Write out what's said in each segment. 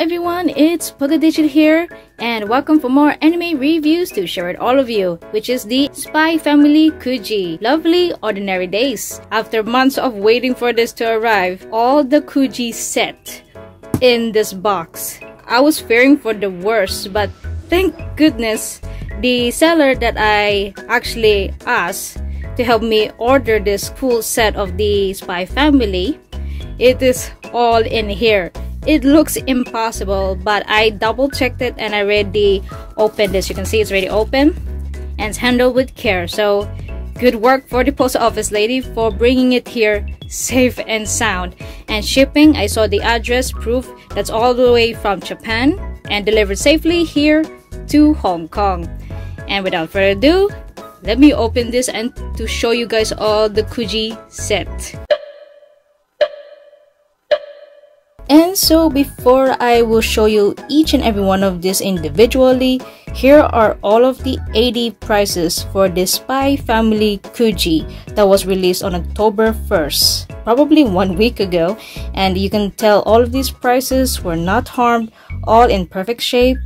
everyone, it's Pagadichit here, and welcome for more anime reviews to share with all of you, which is the Spy Family Kuji Lovely Ordinary Days. After months of waiting for this to arrive, all the Kuji set in this box. I was fearing for the worst, but thank goodness the seller that I actually asked to help me order this cool set of the Spy Family, it is all in here it looks impossible but I double checked it and I already opened this you can see it's already open and handled with care so good work for the post office lady for bringing it here safe and sound and shipping I saw the address proof that's all the way from Japan and delivered safely here to Hong Kong and without further ado let me open this and to show you guys all the Kuji set And so before I will show you each and every one of these individually, here are all of the 80 prizes for the Spy Family Kuji that was released on October 1st, probably one week ago. And you can tell all of these prizes were not harmed, all in perfect shape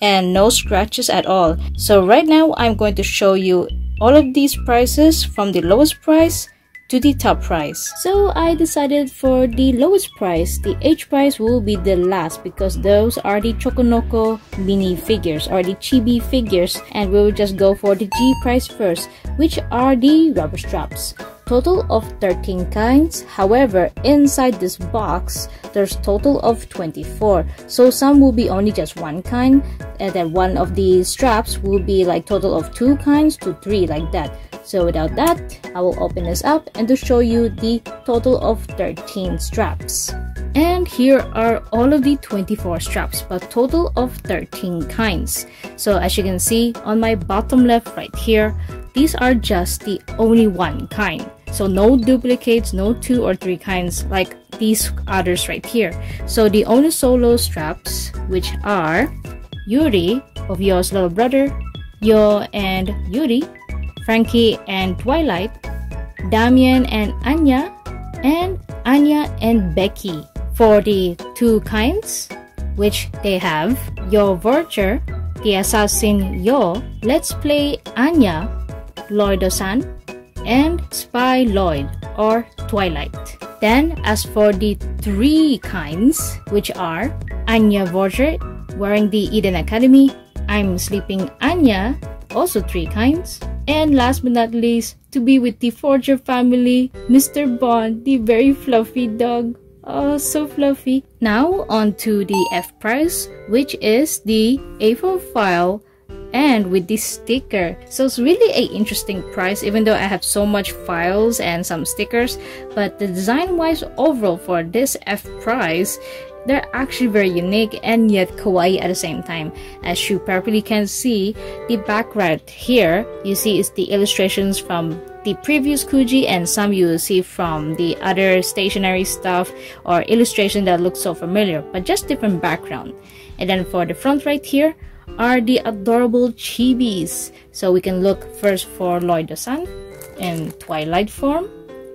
and no scratches at all. So right now, I'm going to show you all of these prices from the lowest price to the top price. So I decided for the lowest price, the H price will be the last because those are the Chokonoko mini figures or the chibi figures and we will just go for the G price first which are the rubber straps. Total of 13 kinds, however inside this box there's total of 24 so some will be only just one kind and then one of the straps will be like total of two kinds to three like that so without that, I will open this up and to show you the total of 13 straps. And here are all of the 24 straps, but total of 13 kinds. So as you can see on my bottom left right here, these are just the only one kind. So no duplicates, no two or three kinds like these others right here. So the only solo straps, which are Yuri of Yo's little brother, Yo and Yuri, Frankie and Twilight, Damien and Anya, and Anya and Becky for the two kinds, which they have Yo Vulture, the assassin Yo, Let's Play Anya, Lloyd-san, and Spy Lloyd or Twilight. Then, as for the three kinds, which are Anya Vulture, wearing the Eden Academy, I'm Sleeping Anya, also three kinds, and last but not least, to be with the Forger family, Mr. Bond, the very fluffy dog. Oh, so fluffy. Now on to the F price, which is the A4 file and with this sticker. So it's really a interesting price even though I have so much files and some stickers. But the design wise overall for this F price, they're actually very unique and yet kawaii at the same time. As you probably can see, the background here you see is the illustrations from the previous Kuji and some you will see from the other stationery stuff or illustration that looks so familiar but just different background. And then for the front right here are the adorable chibis. So we can look first for Lloyd the Sun in twilight form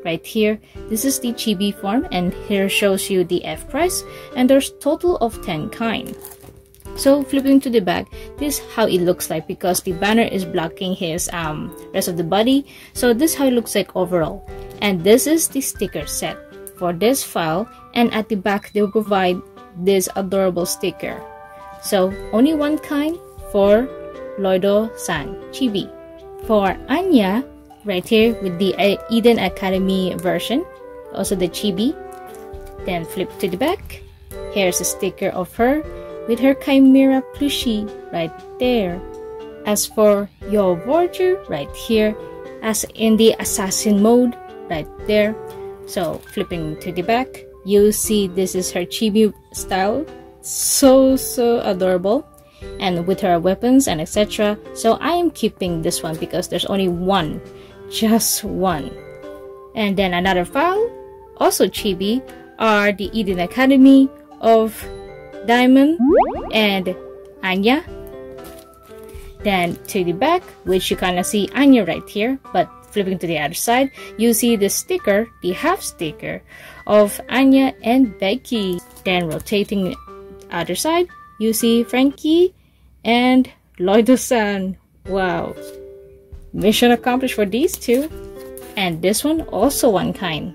right here. This is the chibi form and here shows you the F price and there's total of 10 kind. So flipping to the back, this how it looks like because the banner is blocking his um, rest of the body. So this how it looks like overall. And this is the sticker set for this file and at the back they will provide this adorable sticker. So only one kind for Loido-san Chibi. For Anya, right here with the uh, Eden Academy version also the chibi then flip to the back here's a sticker of her with her chimera plushie right there as for your warrior right here as in the assassin mode right there so flipping to the back you see this is her chibi style so so adorable and with her weapons and etc so i am keeping this one because there's only one just one. And then another file, also chibi, are the Eden Academy of Diamond and Anya. Then to the back, which you kinda see Anya right here, but flipping to the other side, you see the sticker, the half sticker of Anya and Becky. Then rotating the other side, you see Frankie and Loido-san. Wow. Mission accomplished for these two. And this one also one kind.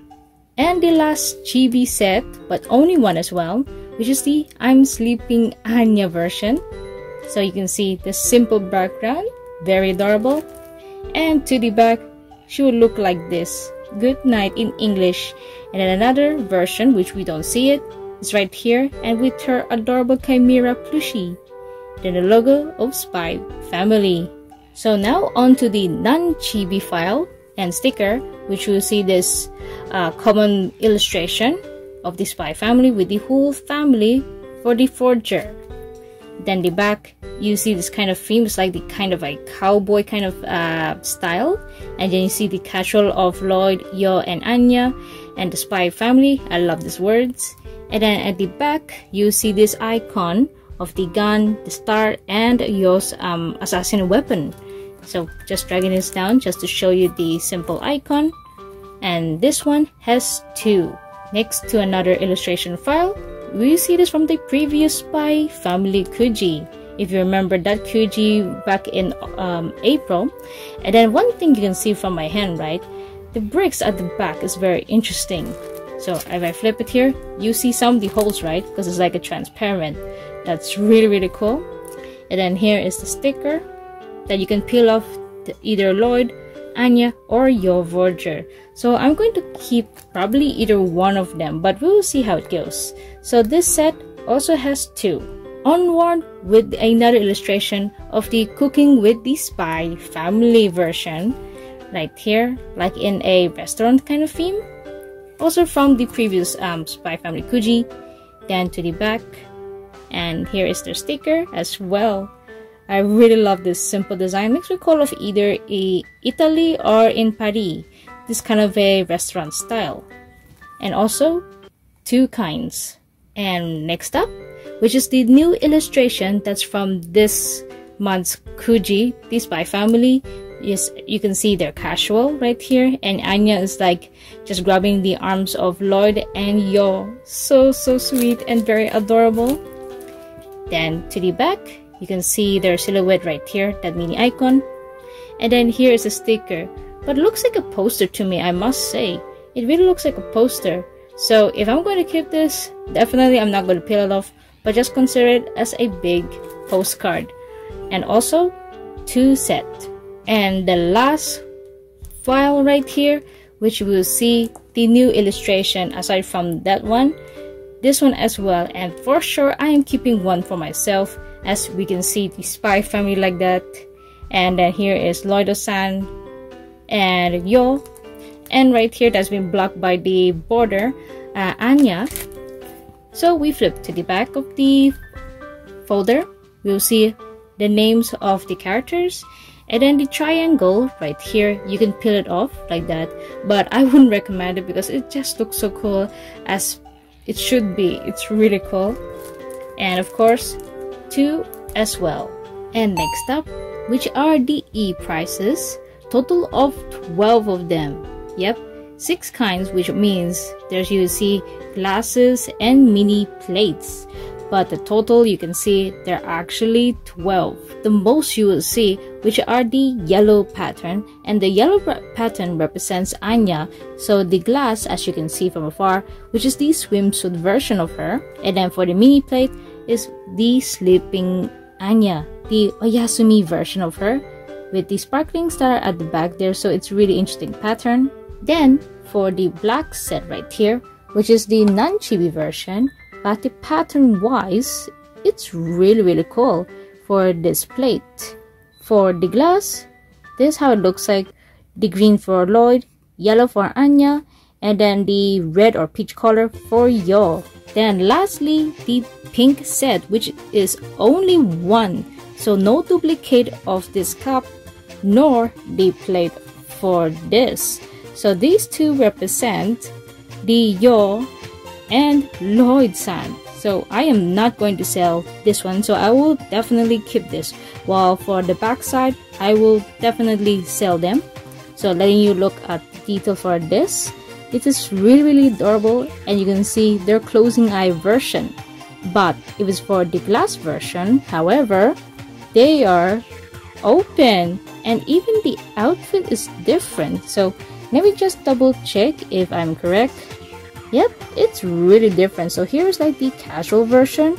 And the last GB set, but only one as well, which is the I'm Sleeping Anya version. So you can see the simple background, very adorable. And to the back, she would look like this. Good night in English. And then another version, which we don't see it, is right here and with her adorable Chimera plushie. Then the logo of Spy Family. So now onto the non-chibi file and sticker, which will see this uh, common illustration of the spy family with the whole family for the forger. Then the back, you see this kind of theme, it's like the kind of a cowboy kind of uh, style. And then you see the casual of Lloyd, Yo, and Anya, and the spy family. I love these words. And then at the back, you see this icon of the gun, the star, and Yo's um, assassin weapon. So just dragging this down just to show you the simple icon. And this one has two. Next to another illustration file, we see this from the previous by Family Kuji. If you remember that Kuji back in um, April. And then one thing you can see from my hand, right? The bricks at the back is very interesting. So if I flip it here, you see some of the holes, right? Because it's like a transparent. That's really, really cool. And then here is the sticker that you can peel off either Lloyd, Anya, or your Verger. So I'm going to keep probably either one of them, but we will see how it goes. So this set also has two. Onward with another illustration of the Cooking with the Spy family version, right here, like in a restaurant kind of theme. Also from the previous um, Spy Family Kuji, then to the back, and here is their sticker as well I really love this simple design. Makes me call of either a Italy or in Paris. This kind of a restaurant style. And also two kinds. And next up, which is the new illustration that's from this month's Kuji, This by Family. Yes, you can see they're casual right here, and Anya is like just grabbing the arms of Lloyd and Yo. So, so sweet and very adorable. Then to the back, you can see their silhouette right here that mini icon and then here is a sticker but looks like a poster to me i must say it really looks like a poster so if i'm going to keep this definitely i'm not going to peel it off but just consider it as a big postcard and also two set and the last file right here which will see the new illustration aside from that one this one as well and for sure i am keeping one for myself as we can see the spy family like that and then uh, here is Loido-san and Yo and right here that's been blocked by the border uh, Anya so we flip to the back of the folder we'll see the names of the characters and then the triangle right here you can peel it off like that but I wouldn't recommend it because it just looks so cool as it should be it's really cool and of course 2 as well. And next up, which are the e-prices, total of 12 of them. Yep, 6 kinds which means there's you see glasses and mini plates. But the total you can see there are actually 12. The most you will see which are the yellow pattern and the yellow pattern represents Anya so the glass as you can see from afar which is the swimsuit version of her and then for the mini plate is the sleeping Anya, the Oyasumi version of her, with the sparkling star at the back there, so it's really interesting pattern. Then, for the black set right here, which is the non-chibi version, but the pattern-wise, it's really, really cool for this plate. For the glass, this is how it looks like. The green for Lloyd, yellow for Anya, and then the red or peach color for yo. Then lastly, the pink set, which is only one, so no duplicate of this cup nor the plate for this. So these two represent the yo and Lloyd san. So I am not going to sell this one, so I will definitely keep this. While for the backside, I will definitely sell them. So letting you look at the detail for this. It is really really adorable and you can see their closing eye version. But it was for the glass version, however, they are open and even the outfit is different. So let me just double check if I'm correct. Yep, it's really different. So here's like the casual version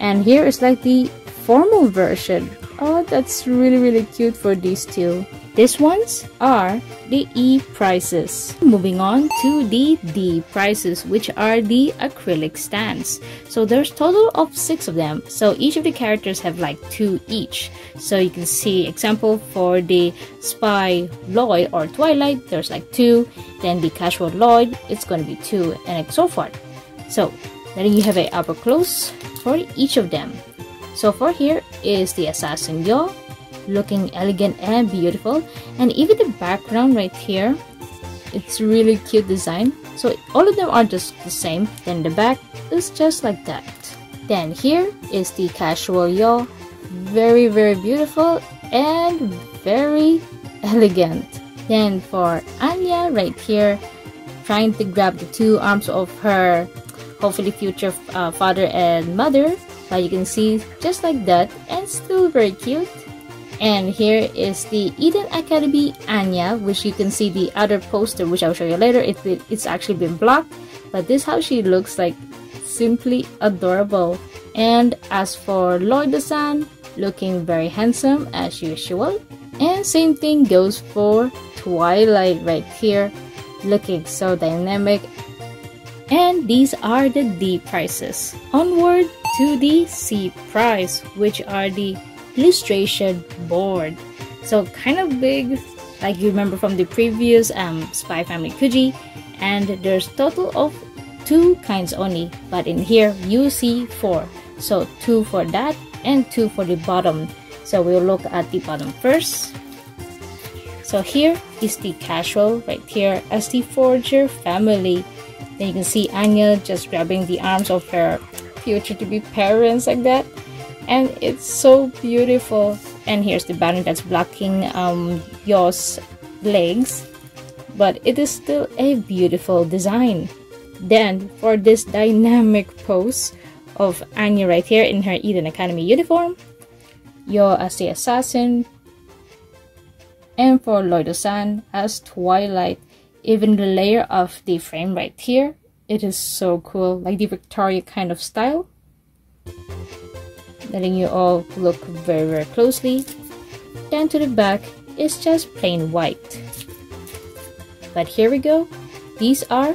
and here is like the formal version. Oh, that's really really cute for these two. These ones are the E prices. Moving on to the D prices, which are the acrylic stands. So there's total of six of them. So each of the characters have like two each. So you can see example for the spy Lloyd or Twilight, there's like two. Then the casual Lloyd, it's going to be two and so forth. So then you have a upper close for each of them. So for here is the assassin Yo, looking elegant and beautiful and even the background right here it's really cute design so all of them are just the same then the back is just like that then here is the casual yaw very very beautiful and very elegant then for Anya right here trying to grab the two arms of her hopefully future uh, father and mother like you can see just like that and still very cute and here is the Eden Academy Anya, which you can see the other poster, which I'll show you later. It, it, it's actually been blocked, but this how she looks like, simply adorable. And as for Lloyd San, looking very handsome as usual. And same thing goes for Twilight right here, looking so dynamic. And these are the D prices. Onward to the C price, which are the illustration board. So kind of big, like you remember from the previous um, Spy Family Kuji. And there's total of two kinds only, but in here you see four. So two for that and two for the bottom. So we'll look at the bottom first. So here is the casual right here as the forger family. Then you can see Anya just grabbing the arms of her future to be parents like that and it's so beautiful and here's the banner that's blocking um, Yo's legs but it is still a beautiful design then for this dynamic pose of Anya right here in her Eden Academy uniform Yo as the assassin and for Loido-san as Twilight even the layer of the frame right here it is so cool like the Victoria kind of style letting you all look very very closely. Down to the back is just plain white. But here we go. These are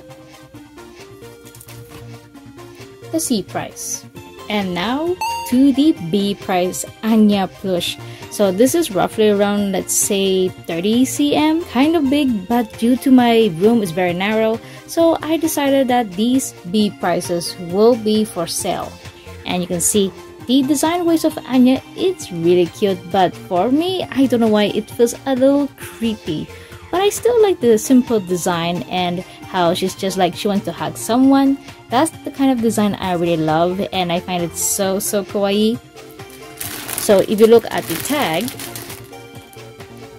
the C price. And now to the B price, Anya plush. So this is roughly around let's say 30 cm, kind of big but due to my room is very narrow so I decided that these B prices will be for sale. And you can see the design ways of Anya it's really cute, but for me, I don't know why it feels a little creepy. But I still like the simple design and how she's just like she wants to hug someone. That's the kind of design I really love and I find it so so kawaii. So if you look at the tag,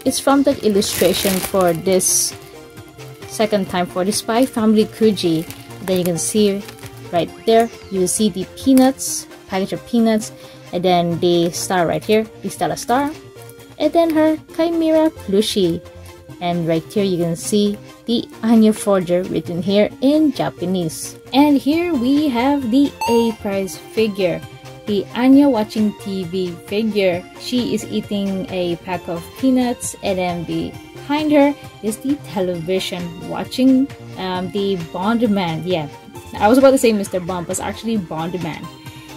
it's from the illustration for this second time for the Spy Family Kuji. Then you can see right there, you see the peanuts package of peanuts, and then the star right here, the Stella star, and then her Chimera plushie. And right here you can see the Anya Forger written here in Japanese. And here we have the A prize figure, the Anya watching TV figure. She is eating a pack of peanuts and then behind her is the television watching um, the Bond man. Yeah, I was about to say Mr. Bond, but it's actually Bond man.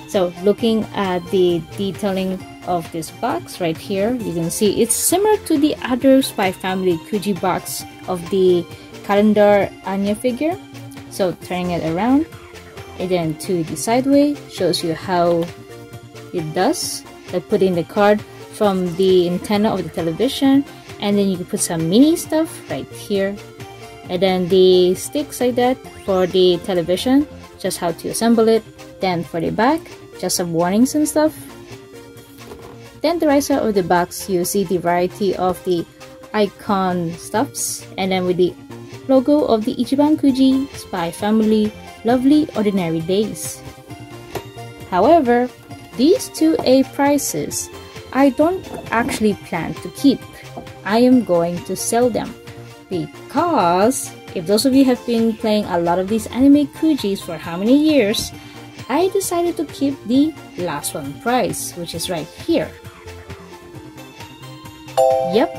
So looking at the detailing of this box right here, you can see it's similar to the other Spy Family Kuji box of the calendar Anya figure. So turning it around, and then to the way shows you how it does. Like putting the card from the antenna of the television and then you can put some mini stuff right here and then the sticks like that for the television just how to assemble it 10 for the back, just some warnings and stuff. Then the right side of the box, you see the variety of the icon stuffs, and then with the logo of the Ichiban Kuji, Spy Family, Lovely Ordinary Days. However, these two A prices, I don't actually plan to keep. I am going to sell them because if those of you have been playing a lot of these anime Kujis for how many years, I decided to keep the last one price, which is right here. Yep,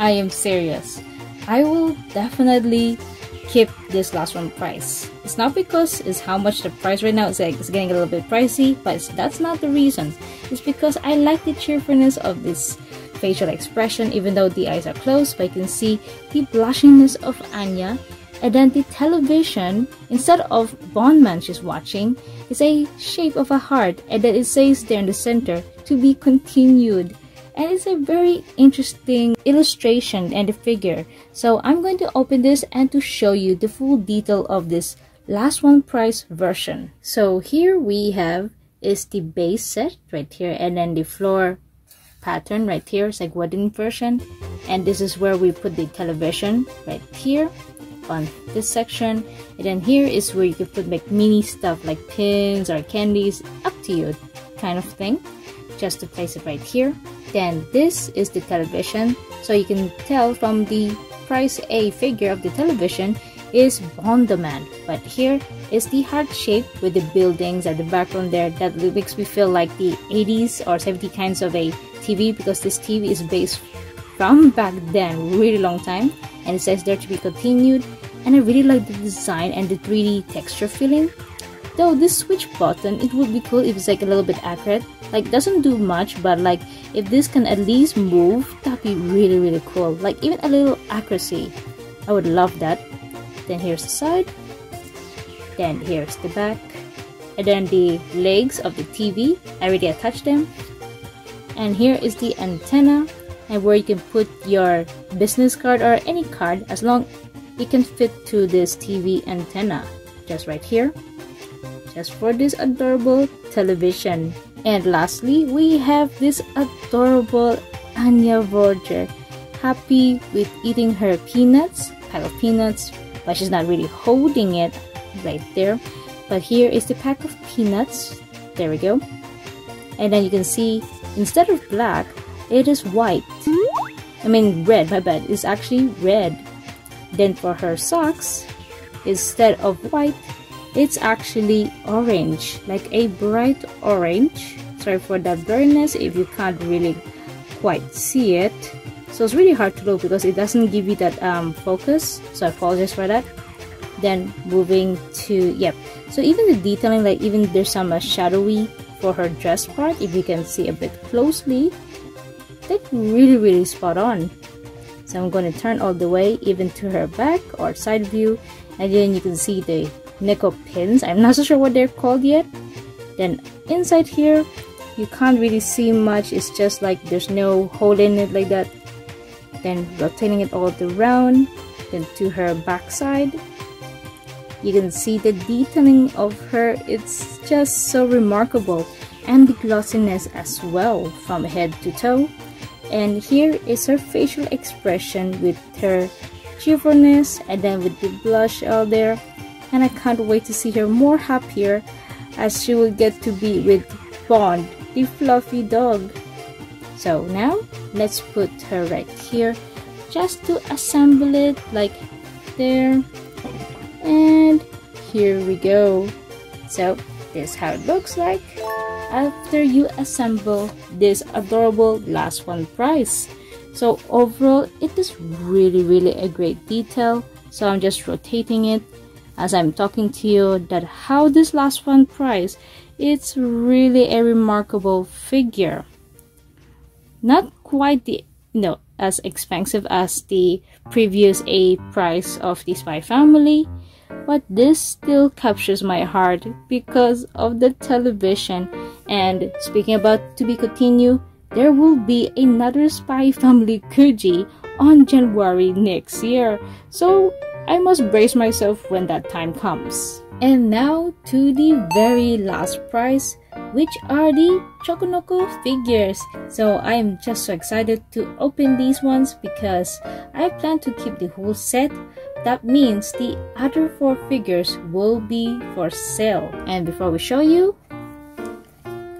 I am serious. I will definitely keep this last one price. It's not because it's how much the price right now is like it's getting a little bit pricey, but that's not the reason. It's because I like the cheerfulness of this facial expression even though the eyes are closed, but you can see the blushingness of Anya and then the television, instead of Bondman she's watching, is a shape of a heart, and then it says there in the center, to be continued. And it's a very interesting illustration and a figure. So I'm going to open this and to show you the full detail of this last one price version. So here we have is the base set right here and then the floor pattern right here is like wedding version and this is where we put the television right here on this section and then here is where you can put like mini stuff like pins or candies up to you kind of thing just to place it right here then this is the television so you can tell from the price A figure of the television is demand, but here is the heart shape with the buildings at the background there that makes me feel like the 80s or 70 kinds of a TV because this TV is based from back then really long time and it says there to be continued and I really like the design and the 3D texture feeling. Though this switch button, it would be cool if it's like a little bit accurate. Like doesn't do much, but like if this can at least move, that'd be really really cool. Like even a little accuracy, I would love that. Then here's the side, then here's the back, and then the legs of the TV. I already attached them. And here is the antenna and where you can put your business card or any card as long it can fit to this TV antenna just right here just for this adorable television and lastly we have this adorable Anya Roger happy with eating her peanuts pack of peanuts but she's not really holding it right there but here is the pack of peanuts there we go and then you can see instead of black it is white I mean red my bad it's actually red then for her socks, instead of white, it's actually orange, like a bright orange. Sorry for the blurriness if you can't really quite see it. So it's really hard to look because it doesn't give you that um, focus. So I apologize for that. Then moving to, yep. So even the detailing, like even there's some uh, shadowy for her dress part, if you can see a bit closely, that really, really spot on so I'm going to turn all the way even to her back or side view and then you can see the nickel pins I'm not so sure what they're called yet then inside here you can't really see much it's just like there's no hole in it like that then rotating it all around then to her backside you can see the detailing of her it's just so remarkable and the glossiness as well from head to toe and here is her facial expression with her cheerfulness and then with the blush out there. And I can't wait to see her more happier as she will get to be with Bond, the fluffy dog. So now, let's put her right here just to assemble it like there. And here we go. So, this is how it looks like after you assemble this adorable last one price. So overall, it is really, really a great detail. So I'm just rotating it as I'm talking to you that how this last one price, it's really a remarkable figure. Not quite the, you know, as expensive as the previous A price of the Spy Family, but this still captures my heart because of the television. And speaking about to be continued, there will be another Spy Family Kuji on January next year. So I must brace myself when that time comes. And now to the very last prize, which are the Chokonoko figures. So I am just so excited to open these ones because I plan to keep the whole set, that means the other four figures will be for sale. And before we show you,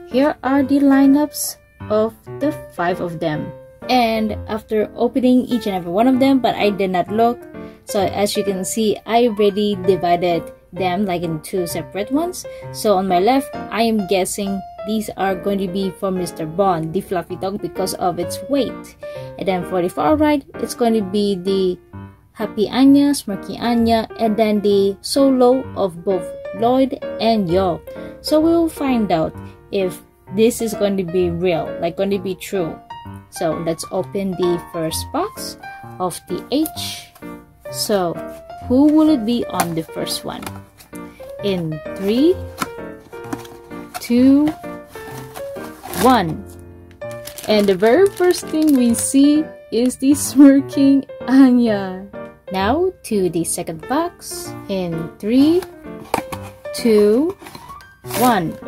here are the lineups of the five of them. And after opening each and every one of them, but I did not look. So as you can see, I already divided them like in two separate ones. So on my left, I am guessing these are going to be for Mr. Bond, the fluffy dog because of its weight. And then for the far right, it's going to be the Happy Anya, Smirky Anya, and then the solo of both Lloyd and Yo. So we will find out if this is going to be real, like going to be true. So let's open the first box of the H. So who will it be on the first one? In three, two, one. And the very first thing we see is the smirking Anya. Now to the second box in three, two, one.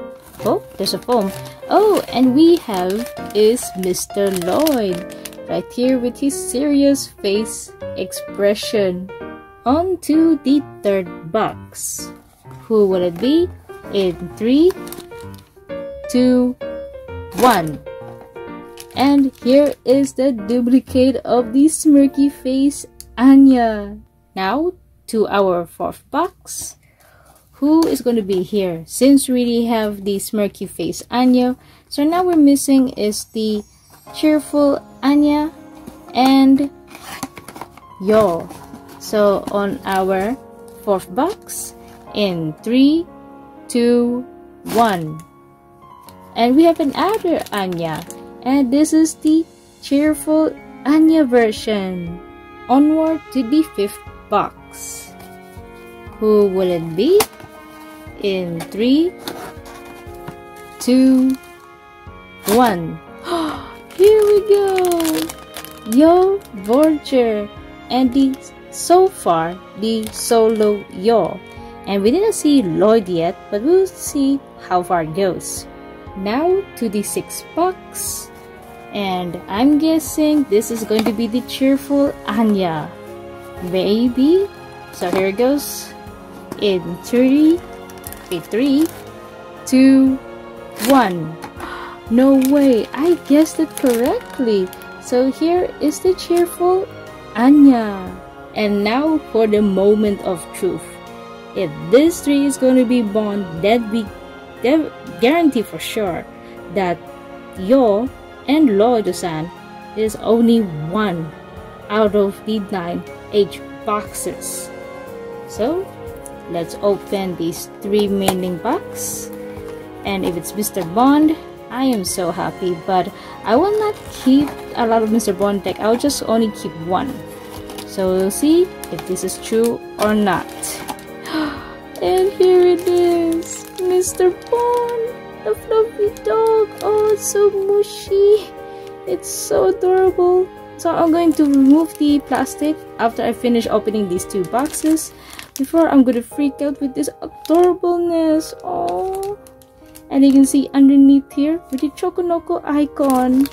Oh, there's a foam. Oh, and we have is Mr. Lloyd right here with his serious face expression. On to the third box. Who will it be? In three, two, one. And here is the duplicate of the smirky face Anya. Now to our fourth box. Who is going to be here? Since we really have the smirky face Anya, so now we're missing is the cheerful Anya and Yo. So on our fourth box in three, two, one, And we have another Anya. And this is the cheerful Anya version onward to the fifth box. Who will it be? In three, two, one. Here we go! Yo Vulture and the so far the solo Yo. And we didn't see Lloyd yet, but we'll see how far it goes. Now to the sixth box. And I'm guessing this is going to be the cheerful Anya. Maybe? So here it goes. In 30, 3, 2, 1. No way, I guessed it correctly. So here is the cheerful Anya. And now for the moment of truth. If this tree is going to be born, that we guarantee for sure that yo and Lord Osan is only one out of the nine H boxes. So let's open these three mailing box. And if it's Mr. Bond, I am so happy, but I will not keep a lot of Mr. Bond deck. I'll just only keep one. So we'll see if this is true or not. and here it is, Mr. Bond the fluffy dog. Oh, it's so mushy. It's so adorable. So I'm going to remove the plastic after I finish opening these two boxes. Before I'm going to freak out with this adorableness. Oh. And you can see underneath here with the Noko icon.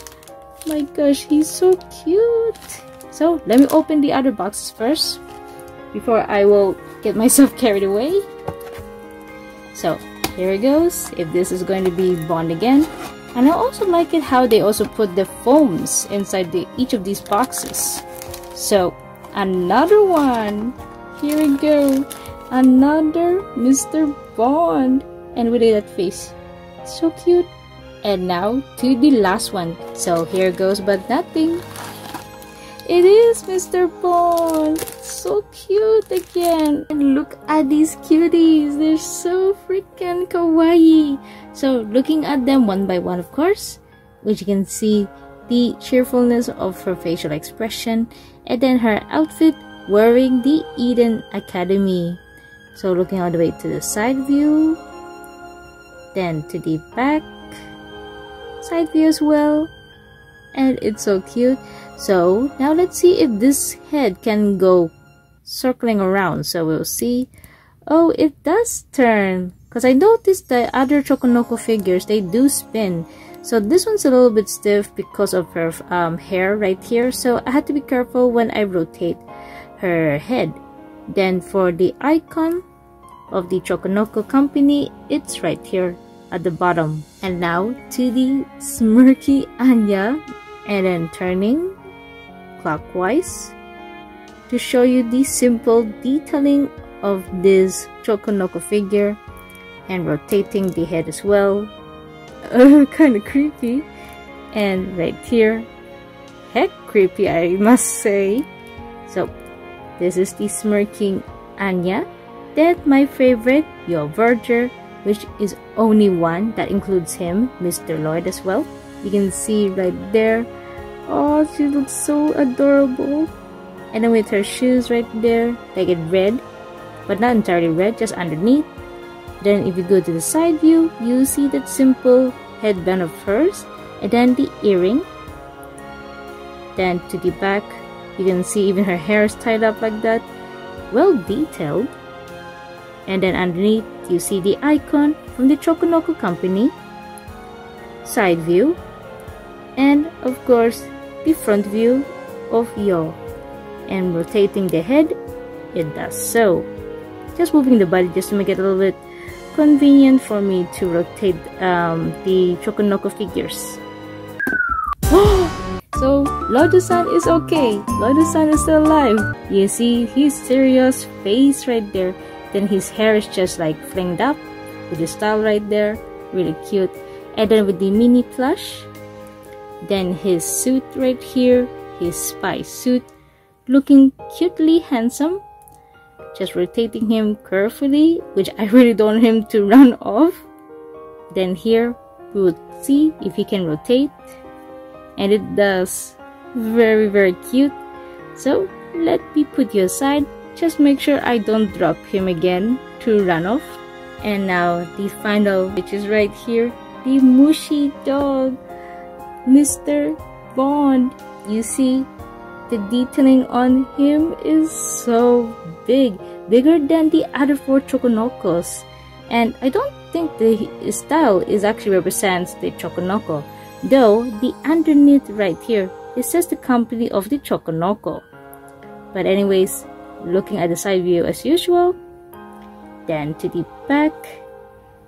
My gosh, he's so cute. So let me open the other boxes first before I will get myself carried away. So here it goes, if this is going to be Bond again. And I also like it how they also put the foams inside the, each of these boxes. So, another one! Here we go! Another Mr. Bond! And we did that face. So cute! And now to the last one. So here goes but nothing. It is Mr. Bone. So cute again. And look at these cuties. They're so freaking kawaii. So looking at them one by one, of course, which you can see the cheerfulness of her facial expression and then her outfit wearing the Eden Academy. So looking all the way to the side view, then to the back, side view as well. And it's so cute. So now let's see if this head can go circling around. So we'll see. Oh, it does turn. Because I noticed the other Chokonoko figures, they do spin. So this one's a little bit stiff because of her um, hair right here. So I had to be careful when I rotate her head. Then for the icon of the Chokonoko company, it's right here at the bottom. And now to the smirky Anya and then turning clockwise to show you the simple detailing of this Chokonoko figure and rotating the head as well. kind of creepy. And right here, heck creepy I must say. So this is the smirking Anya. Then my favorite, your verger, which is only one that includes him, Mr. Lloyd as well. You can see right there Oh, she looks so adorable. And then with her shoes right there, like it red, but not entirely red, just underneath. Then if you go to the side view, you see that simple headband of hers, and then the earring. Then to the back, you can see even her hair is tied up like that. Well detailed. And then underneath, you see the icon from the Chokonoko company. Side view. And of course, the front view of your and rotating the head it does so just moving the body just to make it a little bit convenient for me to rotate um, the Chokonoko figures so lodo is okay lodo is still alive you see his serious face right there then his hair is just like flinged up with the style right there really cute and then with the mini plush then his suit right here, his spy suit, looking cutely handsome. Just rotating him carefully, which I really don't want him to run off. Then here, we would see if he can rotate. And it does. Very, very cute. So, let me put you aside. Just make sure I don't drop him again to run off. And now the final, which is right here, the mushy dog. Mr. Bond. You see, the detailing on him is so big, bigger than the other four Choconocos. And I don't think the style is actually represents the Choconoco, though the underneath right here, it says the company of the Choconoco. But anyways, looking at the side view as usual, then to the back,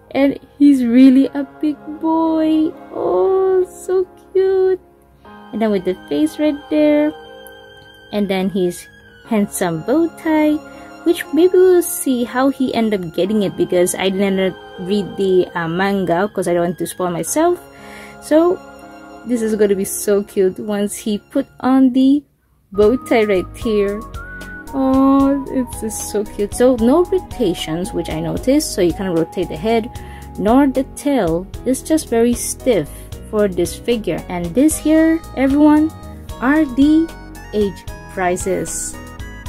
and he's really a big boy. Oh, so cute and then with the face right there and then his handsome bow tie which maybe we'll see how he end up getting it because I didn't read the uh, manga because I don't want to spoil myself so this is going to be so cute once he put on the bow tie right here oh it's just so cute so no rotations which I noticed so you can rotate the head nor the tail it's just very stiff for this figure and this here everyone are the age prices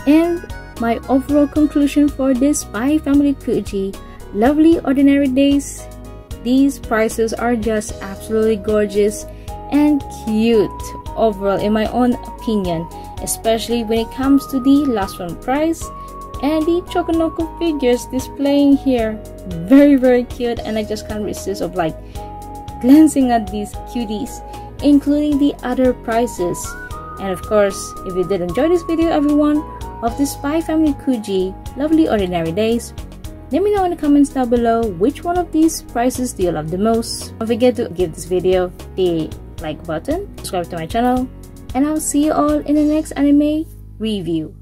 and my overall conclusion for this by family Kujii, lovely ordinary days these prices are just absolutely gorgeous and cute overall in my own opinion especially when it comes to the last one price and the Chokonoko figures displaying here very very cute and I just can't resist of like glancing at these cuties, including the other prizes. And of course, if you did enjoy this video, everyone, of the Spy Family Kuji Lovely Ordinary Days, let me know in the comments down below which one of these prices do you love the most. Don't forget to give this video the like button, subscribe to my channel, and I'll see you all in the next anime review.